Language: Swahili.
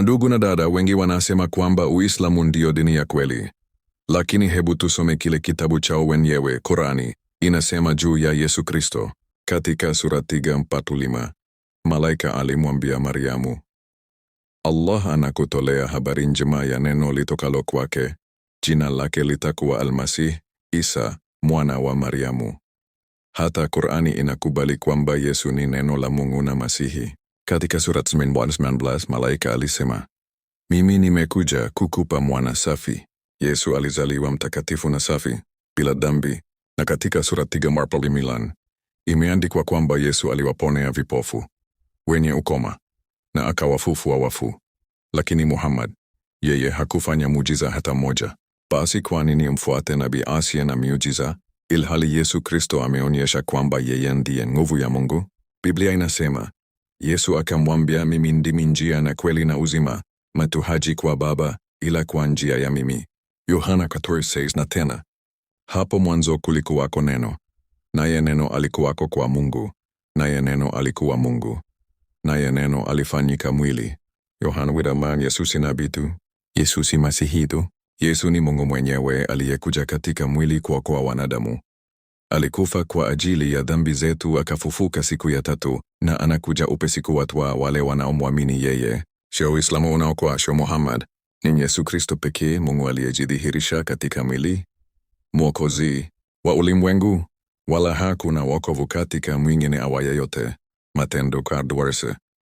Ndugu na dada, wengi wanasema kwamba Uislamu ndio dini ya kweli, lakini hebu tusome kile kitabu chao wenyewe. Korani inasema juu ya Yesu Kristo katika sura tiga malaika alimwambia Mariamu, Allah anakutolea habari njema ya neno litokalo kwake, jina lake litakuwa Almasih Isa mwana wa Mariamu. Hata Qurani inakubali kwamba Yesu ni neno la Mungu na Masihi katika sura blas malaika alisema, mimi nimekuja kukupa mwana safi. Yesu alizaliwa mtakatifu na safi bila dhambi, na katika sura milan imeandikwa kwamba Yesu aliwaponea vipofu, wenye ukoma na akawafufua wafu. Lakini Muhammad yeye hakufanya mujiza hata moja. Basi kwa nini mfuate nabii asiye na miujiza, ilhali Yesu Kristo ameonyesha kwamba yeye ndiye nguvu ya Mungu? Biblia inasema Yesu akamwambia, mimi ndimi njia na kweli na uzima, mtu haji kwa Baba ila kwa njia ya mimi. Yohana 14:6. Na tena, hapo mwanzo kulikuwako neno, naye neno alikuwako kwa Mungu, naye neno alikuwa Mungu, naye neno alifanyika mwili. Yohana Widaman Yesu si nabii Yesu si Yesu ni Mungu mwenyewe aliyekuja katika mwili kuokoa wanadamu. Alikufa kwa ajili ya dhambi zetu, akafufuka siku ya tatu, na anakuja upesi kuwatwaa wale wanaomwamini yeye. Sio Uislamu unaokuasho Muhammad, ni Yesu Kristo pekee, Mungu aliyejidhihirisha katika mwili, mwokozi wa ulimwengu, wala hakuna wokovu katika mwingine awaye yote. Matendo Kardwarse